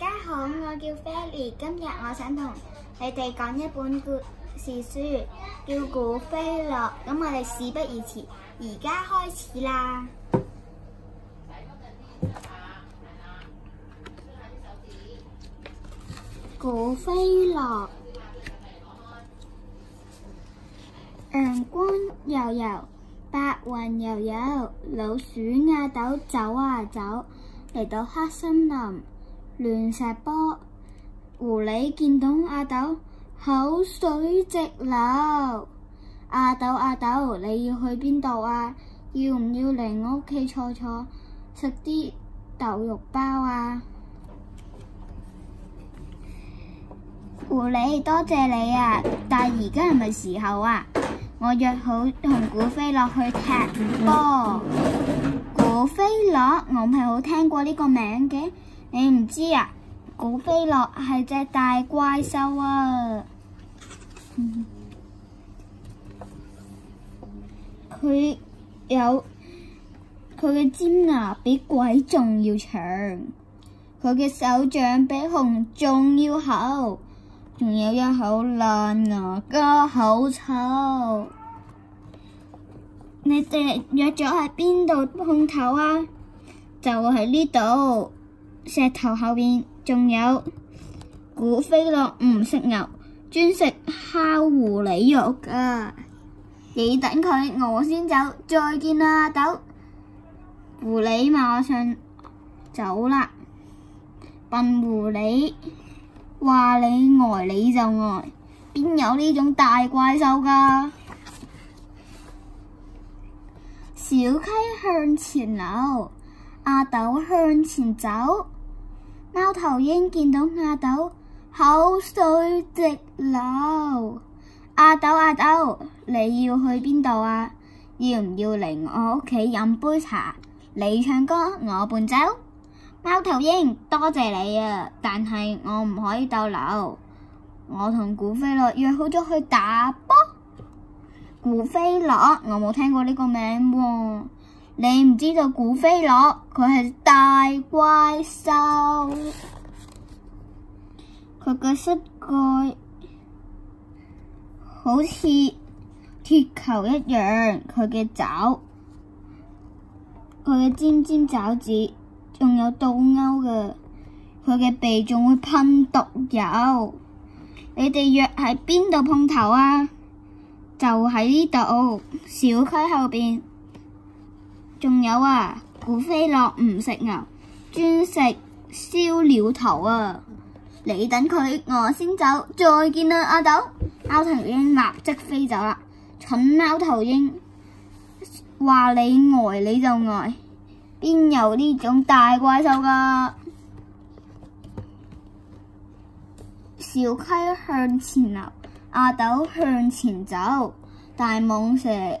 大家好，我叫 Fely，今日我想同你哋講一本故事書，叫《古飛樂》。咁我哋事不宜遲，而家開始啦。古飛樂，陽光柔柔，白雲悠悠，老鼠阿豆走啊走，嚟到黑森林。亂石波，狐狸見到阿豆口水直流。阿豆阿豆，你要去邊度啊？要唔要嚟我屋企坐坐，食啲豆肉包啊？狐狸，多謝你啊，但而家係咪時候啊？我約好同古飛樂去踢波。古飛樂，我唔係好聽過呢個名嘅。你唔知啊？古飛樂係隻大怪獸啊！佢 有佢嘅尖牙比鬼仲要長，佢嘅手掌比熊仲要厚，仲有一口爛牙，個好臭。 你哋約咗喺邊度碰頭啊？就喺呢度。石頭後面，仲有古飛樂。唔食牛，專食烤狐狸肉噶。你等佢，我先走。再見啦，阿斗！狐狸馬上走啦。笨狐狸，話你呆、呃、你就呆、呃，邊有呢種大怪獸噶？小溪向前流，阿斗向前走。貓頭鷹見到阿斗口水直流，阿斗阿斗你要去邊度啊？要唔要嚟我屋企飲杯茶？你唱歌我伴奏。貓頭鷹多謝你啊，但係我唔可以逗留。我同古飛樂約好咗去打波。古飛樂，我冇聽過呢個名喎啊。你唔知道古飛樂，佢係大怪獸，佢嘅膝蓋好似鐵球一樣，佢嘅爪，佢嘅尖尖爪子，仲有倒鈎嘅，佢嘅鼻仲會噴毒油。你哋約喺邊度碰頭啊？就喺呢度，小區後邊。仲有啊，古飛樂唔食牛，專食燒鳥頭啊！你等佢，我先走，再見啦，阿斗！貓頭鷹立即飛走啦，蠢貓頭鷹，話你呆你就呆，邊有呢種大怪獸㗎？小溪向前流，阿斗向前走，大蟒蛇。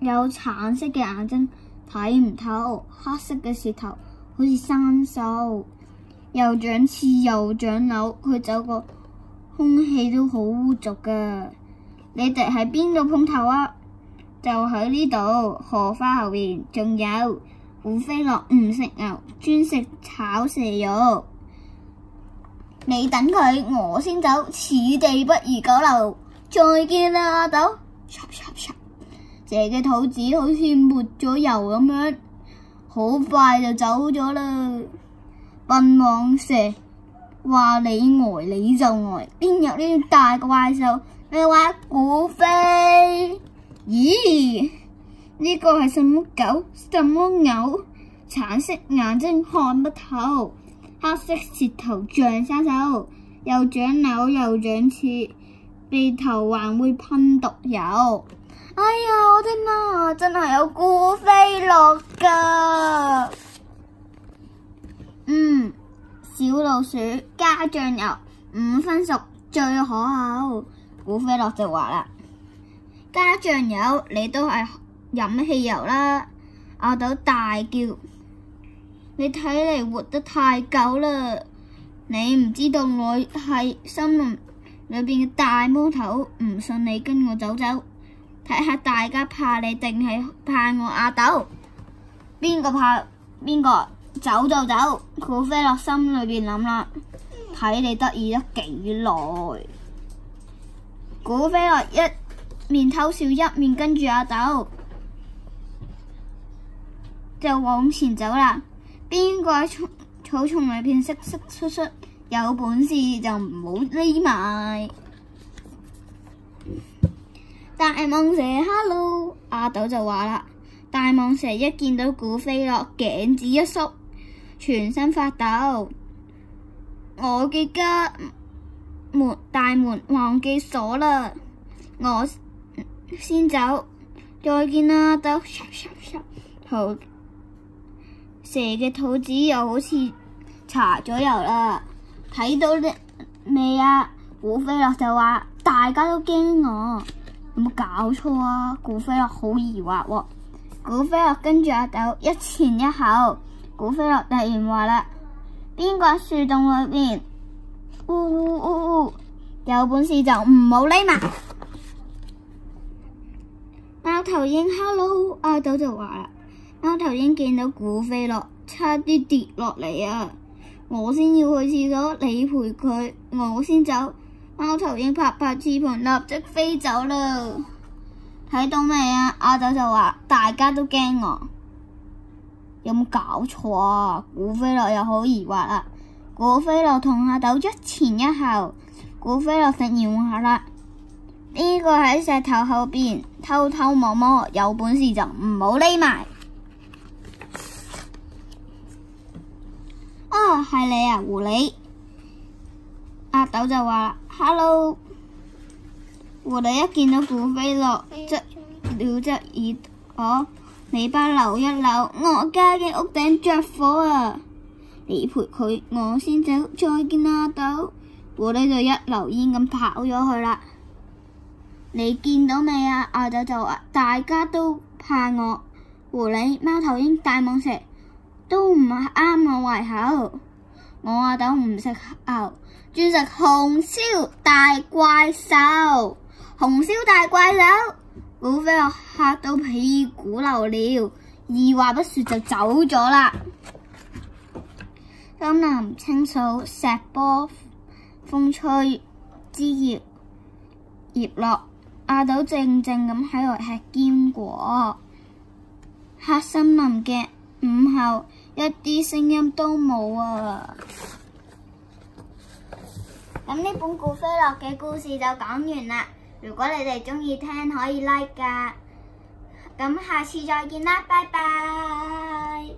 有橙色嘅眼睛，睇唔透；黑色嘅舌頭，好似生鏽。又長刺又長瘤，佢走過空氣都好污濁噶。你哋喺邊度碰頭啊？就喺呢度，荷花後面。仲有古飛樂，唔食牛，專食炒蛇肉。你等佢，我先走。此地不宜久留。再見啦，阿豆。蛇嘅肚子好似抹咗油咁樣，好快就走咗啦。笨蟒蛇，話你呆你就呆，邊有呢啲大怪獸？你話古飛？咦？呢個係什麼狗？什麼牛？橙色眼睛看不透，黑色舌頭像殺手，又長瘤又長刺，鼻頭還會噴毒油。哎呀，我的媽媽！真係有古飛樂㗎，嗯，小老鼠加醬油五分熟最可口。古飛樂就話啦：，加醬油你都係飲汽油啦！阿豆大叫：，你睇嚟，活得太久啦！你唔知道我係森林裏邊嘅大魔頭，唔信你跟我走走。睇下大家怕你定係怕我，阿斗？邊個怕？邊個走就走？古飛樂心裏邊諗啦，睇你得意咗幾耐？古飛樂一面偷笑，一面跟住阿斗，就往前走啦。邊個喺草草叢裏邊識識出出，有本事就唔好匿埋。大蟒蛇，hello，阿豆就話啦。大蟒蛇一見到古飛樂頸子一縮，全身發抖。我嘅家門大門忘記鎖啦，我、嗯、先走，再見啦，阿豆。蛇嘅肚子又好似查咗油啦，睇到咧未啊？古飛樂就話，大家都驚我。有冇搞錯啊？古飛樂好疑惑喎、哦，古飛樂跟住阿豆一前一後，古飛樂突然話啦：邊個樹洞裏面？嗚嗚嗚嗚！有本事就唔好匿埋。貓、啊、頭鷹，hello！阿、啊、豆就話啦，貓、啊、頭鷹見到古飛樂，差啲跌落嚟啊！我先要去廁所，你陪佢，我先走。貓頭鷹拍拍翅膀，立即飛走啦。睇到未啊？阿斗就話：大家都驚我，有冇搞錯啊？古飛樂又好疑惑啦、啊。古飛樂同阿斗一前一後，古飛樂食完話啦。呢、這個喺石頭後邊偷偷摸摸，有本事就唔好匿埋。哦，係你啊，狐狸！阿斗就話。Hello，狐狸一見到古飛樂，則撩則耳朵，尾巴留一留，我家嘅屋頂着火啊！你陪佢，我先走，再見阿豆。狐狸就一溜煙咁跑咗去啦。你見到未啊？阿豆就話：大家都怕我，狐狸、貓頭鷹、大蟒蛇都唔啱我胃口。我阿豆唔食牛，專食紅燒大怪獸。紅燒大怪獸，老飛畀我嚇到屁滾尿流，二話不說就走咗啦。森林清掃，石波風吹，枝葉葉落，阿豆靜靜咁喺度吃堅果。黑森林嘅午後。一啲聲音都冇啊！咁呢本古飛樂嘅故事就講完啦。如果你哋中意聽，可以 like 㗎。咁下次再見啦，拜拜。